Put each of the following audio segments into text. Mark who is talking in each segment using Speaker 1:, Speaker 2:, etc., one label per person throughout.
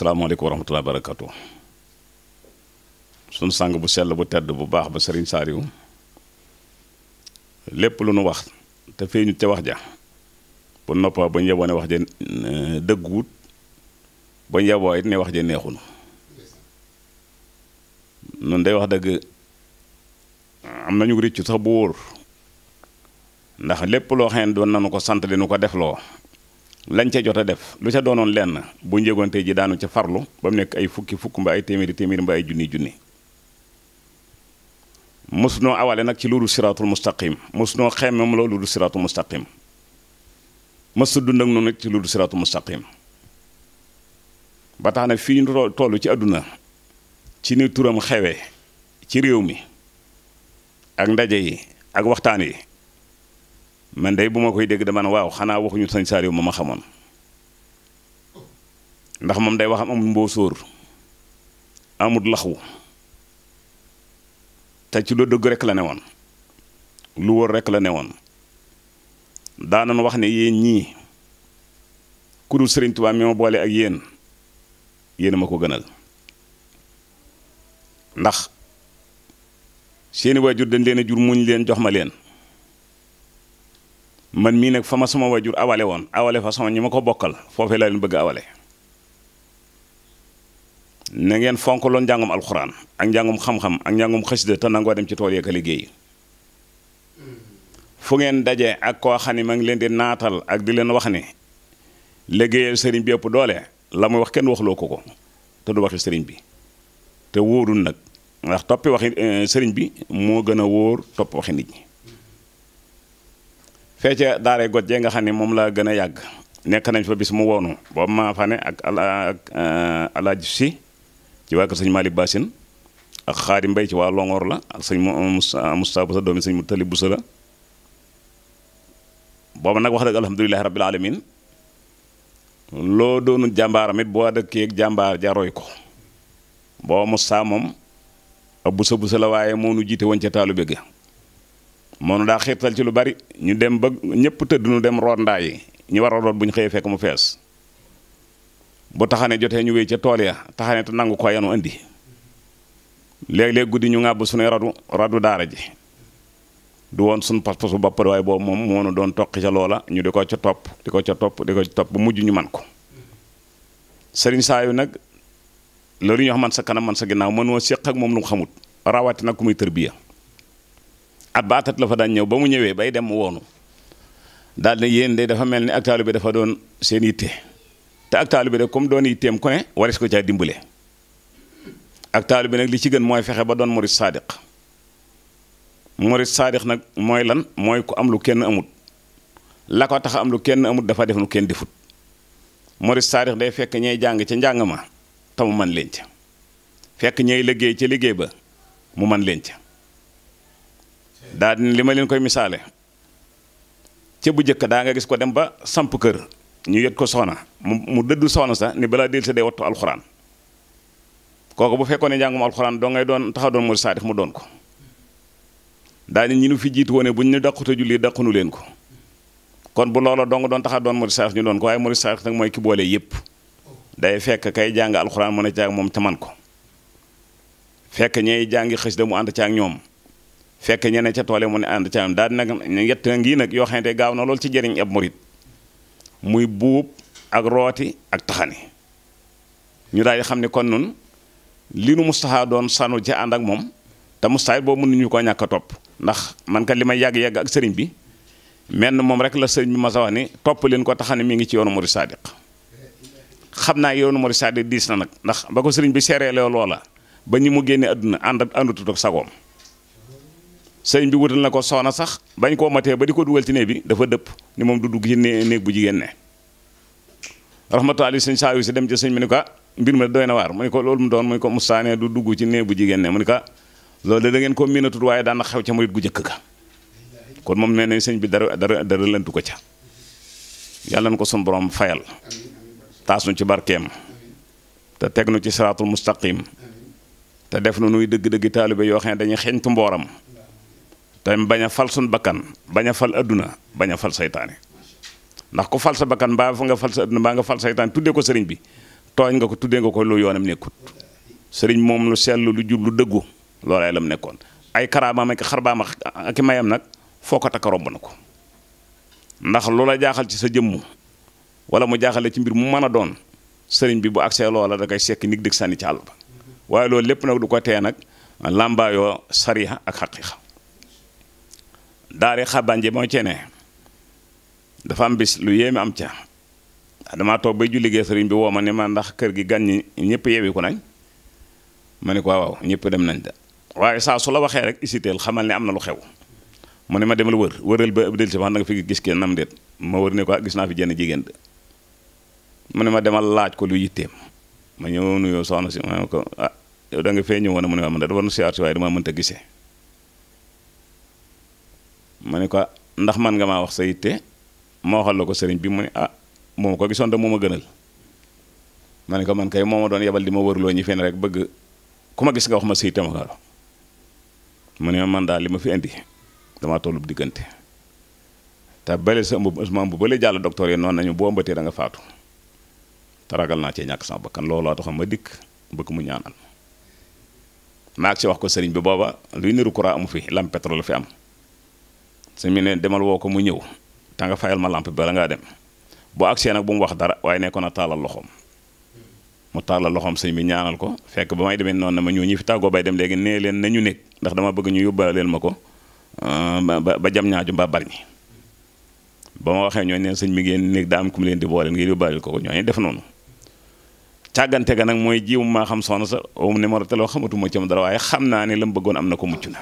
Speaker 1: salaamaaleykum wa rahmatulah barakatu sunu sang bu sell bu tedd bu baax ba sëriñ Saariw lépp lu nu wax te feeñu ca wax ja bu noppa ba ñu yeboo ne wax ja euh, dëgguwut ba ñu yeboo it ne wax ja neexunu nun day wax dëgg am nañu rëccu sax bu wóor ndax lépp loo xam ne doon nañu ko sant di nu ko defloo lañ ca jot a def lu ca doonoon lenn bu njëgoon tey ji daanu ca farlu ba mu nekk ay fukki fukk mba ay téeméeri téeméeri mba ay junni junni mos awale nag ci loolu siraatul mustaqim mos noo xemmem la loolu siraatul mustaqim mos a dund ak noonu ci loolu siraatul mustaqim ba tax na fii ñu toll ci àdduna ci ni turam xewee ci réew mi ak ndaje yi ak waxtaan yi man day bu ma koy dégg dama ne waaw xanaa waxuñu sëñ Saliou ma ma xamoon ndax moom day waxam amul mboo sóor amul laxwu te ci lu dëgg rekk la ne woon lu wóor rek la ne woon daanoon wax ne yéen ñii ku dul mi ma boole ak yéen yéen ma ko gënal ndax seeni waajur dañ leen a jur muñ leen jox ma leen man mii nag fa ma sama wajur awale woon awale fa sama ñi ma ko bokkal foofee la leen bëgg awale na ngeen fonk loon njàngum alxuraan ak njàngum xam-xam ak njàngum xasida te nangoo dem ci tool yeeg a liggéey fu ngeen daje ak koo xam ma ngi leen di naatal ak di leen wax ni léggéeyal sëriñ bi yëpp doole la muy wax kenn waxloo ko ko te du waxi sëriñ bi te wóorul nag ndax toppi waxi eh, sëriñ bi moo gën a wóor topp waxi nit fee ca got jee nga xam ne moom laa gën a yàgg nekk nañ fa bis mu woonu boobu maa fa ne ak euh, alaaj si ci waa kër sëñ Malick Bassine ak xaari mbay ci waa Longoor la ak sëñ euh, Moustapha Boussa doomi sëñ Moutali Boussa la boobu nag wax dëgg alhamdulilahi rabbil alamin loo doonu jàmbaaram boo dëkkee ak jàmbaar jarooy ko boo Moussa moom ab Boussa Boussa la waaye moo nu jiite woon ca taalu bëgg moonu daa xiirtal ci lu bari ñu dem ba ñëpp tëdd nu dem root ndaa yi ñu war a root bu ñu xëyee fekk mu fees bu taxanee jotee ñu wéy ca tool ya taxane te nangu ko yanu andi léeg-léeg guddi ñu ŋàbb sunuy radu radu daara ji du woon suñ pas-pasu bopp waaye boobu moom moo moonu doon toqi ca loola ñu di ko ca topp di ko ca topp di ko ca topp bu mujj ñu man ko sëriñ saa yu nag loolu ñu wax man sa kanam man sa ginnaaw mënoo séq ak moom lu mu xamut rawatina ku muy tërbiya at baatat la fa daan ñëw ba mu ñëwee bay dem woonu daal yéen de dafa mel ni ak taalibe bi dafa doon seen yitte te ak taalibe bi de comme doon yitteem ku ne waris ko caa dimbale ak taalibe bi nag li ci gën mooy fexe ba doon murit saadiq murit saadiq nag mooy lan mooy ku am lu kenn amut la ko tax am lu kenn amut dafa def lu kenn di fut murit saadiq day fekk ñay jàng ca njàng ma tamu man leen ca fekk ñay liggéey ca liggéey ba mu man leen ca daa di li ma leen koy misaale ca bu njëkk daa nga gis ko dem ba samp kër ñu yot ko soxna mu dëddu sona sax ni balaa del sa dee wattu alxuraan kooku bu fekkoon ne njàngum alxuraan doo ngay doon taxaw doon murid saadix mu doon ko daa ni nu fi jiitu woone bu ñu dàqute julli dàqunu leen ko kon bu loola dong doon taxaw doon murid saadix ñu doon ko waaye murid saadix mooy ki boole yépp day fekk kay jàng alxuraan mën a jàng moom ca man ko fekk ñay jàngi xës da mu ànd ca ak ñoom fekk ñenee ca toole mu ne ànd ca am daal nag yett ngi nag yoo xamante gaaw na lool ci jëriñ ab murit muy buub ak rooti ak taxani ñu daal di xam ne kon nun li nu Moustapha doon sanu ci ànd ak moom te Moustapha boobu mënuñu koo ñàkk a topp ndax man ka li ma yàgg-yàgg ak sëriñ bi menn moom rek la sëriñ bi ma sa wax ni topp leen ko taxani mii ngi ci yoonu murit sadiq xam naa yoonu murit sadiq diis na nag ndax ba ko sëriñ bi seeree seereeloo loola ba ñi mu génnee àdduna ànd ak àndutu ak sagoom sëñ bi wutal na ko soxna sax bañ koo matee ba di ko dugal ci néeg bi dafa dëpp ni moom du dugg ci néeg bu jigéen ne rahmatullahi sëñ saayu dem ci sëñ mu ni ko mbir ma doy na waar mu ko loolu mu doon ko mustaane du dugg ci néeg bu jigéen ne mu ni ko loolu da ngeen ko miinatut waaye daan na xew ca murit gu jëkk ga kon moom nee nañ sëñ bi dara dara lëntu ko ca yàlla na ko sun borom fayal taas nu ci barkeem te teg nu ci siraatul mustaqim te def nu nuy dëgg-dëgg taalibe yoo xam ne dañuy xeeñtu mbooram tamit bañ a fal sun bakkan bañ a fal adduna bañ fal saytaane ndax ku fal sa bakkan mbaa fa nga fal sa adduna mbaa nga fal saytaane tuddee ko sëriñ bi tooñ nga ko tuddee nga ko lu yoonam nekkut sëriñ moom lu sell lu jub lu dëggu loolaay la mu nekkoon ay karaamaam ak xarbaam ak i mayam nag foo ko takk romb na ko ndax loola jaaxal ci sa jëmm wala mu jaaxale ci mbir mu mën a doon sëriñ bi bu agsee loola da koy sekk nig di sànni ci àll ba waaye loolu lépp nag du ko tee nag làmbaayoo sariya ak xaqiiqa daari xabanje moo cene dafa am bis lu yéeme am ca damaa toog bay julli gee sëriñ bi woo ma ne ma ndax kër gi gan ñi ñëpp yewi ko nañ ma ne ko waaw ñëpp dem nañ da waaye saa su la waxee rek isiteel xamal ne am na lu xew mu ne ma demal wër wëral ba del si wax na nga fi gis kenn nam ma wër ne ko ah, gis naa fi jenn jigéen de ne ma demal laaj ko lu yitteem ma ñëw nuyoo soxna si ma ne ko ah yow fee ñëwoon mu ne ma man da siyaar si waaye dama mënta gisee ma ne ko ndax man nga maa wax sa yitte ma waxal la ko sëriñ bi mu ne ah moom ko gisoon de moo ma gënal ma ne ko man kay moo ma doon yebal di ma wërloo ñi fen rek bëgg ku ma gis nga wax ma sa yitte man daal li ma fi indi damaa tollub diggante te bale sa ëmb bu bale jàll docteur yi noonu nañu boo ëmbatee da nga faatu te naa cee ñàkk sama bakkan looloo taxoon dikk bëgg mu ñaanal maa si wax ko sëriñ bi booba luy niru courant amu fi lampe pétrole fi am sëñ bi ne demal woo ko mu ñëw ta fayal ma lampe bala ngaa dem boo agsee nag bu mu wax dara waaye nekkoon a taalal loxoom mu taalal loxoom sëñ bi ñaanal ko fekk ba may demee noonu na ma ñëw ñi fi tàggoo bay dem léegi nee leen nañu nekk ndax dama bëgg ñu yóbbaaleel ma ko euh, ba jam ñaaju mbaa bari ñi ba ma waxee ñooñu ne sëñ bi ngeen nekk daa am ku mu leen di boole ngir yóbbaaleel ko ko ñooñu def noonu càggante ga nag mooy jiw maa xam soxna sa mu numéro téléphone xamatuma ci dara waaye xam naa ne la mu bëggoon am na ko mucc na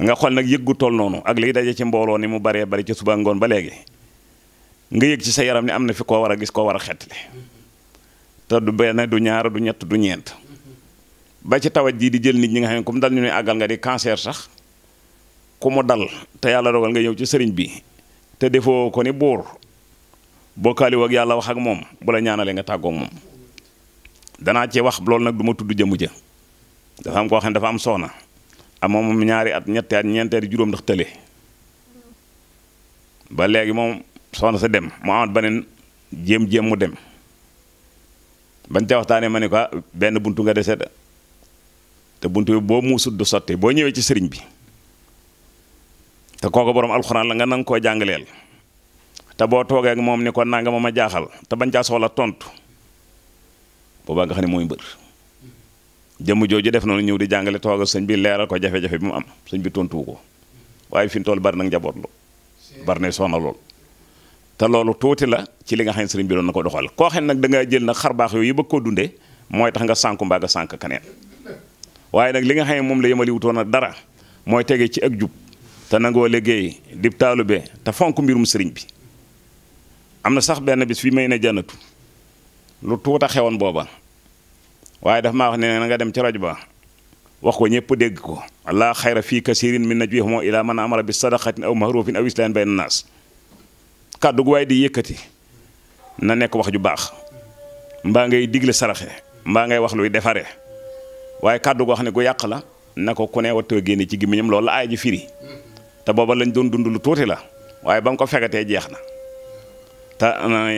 Speaker 1: nga xool nag yëggu toll noonu ak liy daje ci mbooloo ni mu baree bari ci suba ngoon ba léegi nga yëg ci sa yaram ni am na fi ko war a gis koo war a xettali te du benn du ñaar du ñett du ñeent ba ci tawat jii di jël nit ñi nga xam ne ku mu dal ñu di cancer sax ku mu dal te yàlla dogal nga ñëw ci sëriñ bi te defoo ko ni buur bokkaaliwu yàlla wax ak moom bu la ñaanalee nga tàggoog moom danaa ci wax loolu nag du ma tudd jëmu ja dafa am koo xam ne dafa am soxna a moom ñaari at ñetti at ñeenteeri juróom ndax tële ba léegi moom soxna sa dem mu amat beneen jéem-jéem mu dem bañ ca ma ne ko ah, benn buntu nga dese te buntu bi boo muusut du sotti boo ñëwee ci sëriñ bi te kooku borom alxuraan la nga nanga koo jàngaleel te boo toogee ak moom ni ko nanga ma ma jaaxal te bañ caa soxla tontu boobaa nga xam ne mooy mbër jëmm jooju def noonu ñëw di jàngale toogal sëñ bi leeral ko jafe-jafe bi mu am sëñ bi tontuwu ko waaye fi mu toll bari nag njaboot lu bari na soxna lool te loolu tuuti la ci li nga xam ne sëriñ bi doon na ko doxal koo xam nag da ngaa jël nag baax yooyu bëgg ko dundee mooy tax nga sànku mbaa nga sànk keneen waaye nag li nga xam ne moom la yemali wutoon ak dara mooy tegee ci ak jub te nangoo liggéey dib taalube te fonk mbirum sëriñ bi am na sax benn bi fi may ne jànnatu lu tuuta xewoon booba waaye dafa maa wax ne na nga dem ci rajo ba wax ko ñëpp dégg ko allah xayra fii kasirin min najwihum ila man amara bi sadaqatin aw mahrufin aw islahin bayna nas kàddu gu waaye di yëkkati na nekk wax ju baax mbaa ngay digle saraxe mbaa ngay wax luy defare waaye kàddu goo xam ne gu yàq la na ko ku ne wattoo génne ci gémmiñam loolu la aay ji firi te booba lañ doon dund lu tuuti la waaye ba mu ko fegatee jeex na te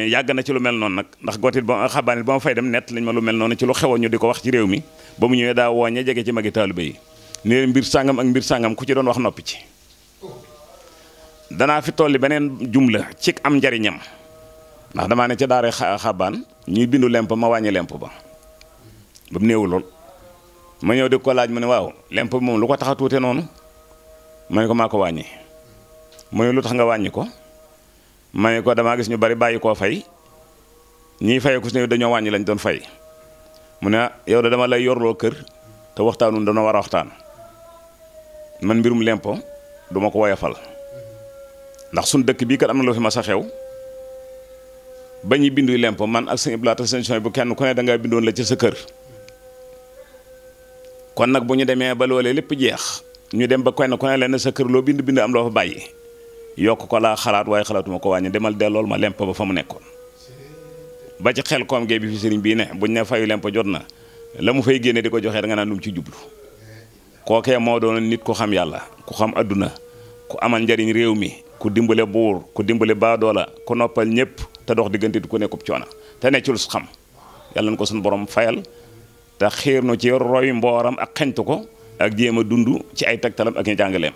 Speaker 1: yàgg na ci lu mel noonu nag ndax gootit ba xabaanit ba ma fay dem nett lañ ma lu mel noonu ci lu xewoon ñu di ko wax ci réew mi ba mu ñëwee daa wooññe jege ci magi taalibe yi ne mbir sàngam ak mbir sàngam ku ci doon wax noppi ci danaa fi tolli beneen jumla ci am njariñam ndax damaa ne ca daara xabaan ñuy bindu lemp ma wàññi lemp ba ba mu néewu lool ma ñëw di ko laaj mu ne waaw lemp bi moom lu ko tax a tuute noonu ma ko maa ko wàññi mu ne nga wàññi ko ma ne ko damaa gis ñu bari bàyyi koo fay ñiy fay ku si ne dañoo wàññi lañ doon fay mu ne yow de dama lay yorloo kër te waxtaanu dana war a waxtaan man mbirum lempo duma ko woyafal ndax suñ dëkk bii kat am na lu fi ma sa xew ba ñuy bindu lempo man ak sa sëñ Ibrahima seen bu kenn ku ne bindoon la ci sa kër kon nag bu ñu demee ba loolee lépp jeex ñu dem ba kenn ku ne leen sa kër loo bind bind am loo fa bàyyi. yokk ko laa xalaat waaye xalaatuma ko wàññi demal dellool ma lemp ba fa mu nekkoon ba ci xel koom gee bi fi sëriñ bii ne buñ ne fayu lemp jot na la mu fay génne di ko joxee da nga naan lu mu ci jublu kookee moo doon nit ku xam yàlla ku xam adduna ku amal njariñ réew mi ku dimbale buur ku dimbale baadoola ku noppal ñëpp te dox diggante ku nekkub coono te neccul su xam yàlla na ko suñu boroom fayal te xiir nu ci roy mbooram ak xeñtu ko ak jéem a dund ci ay tegtalam ak ñu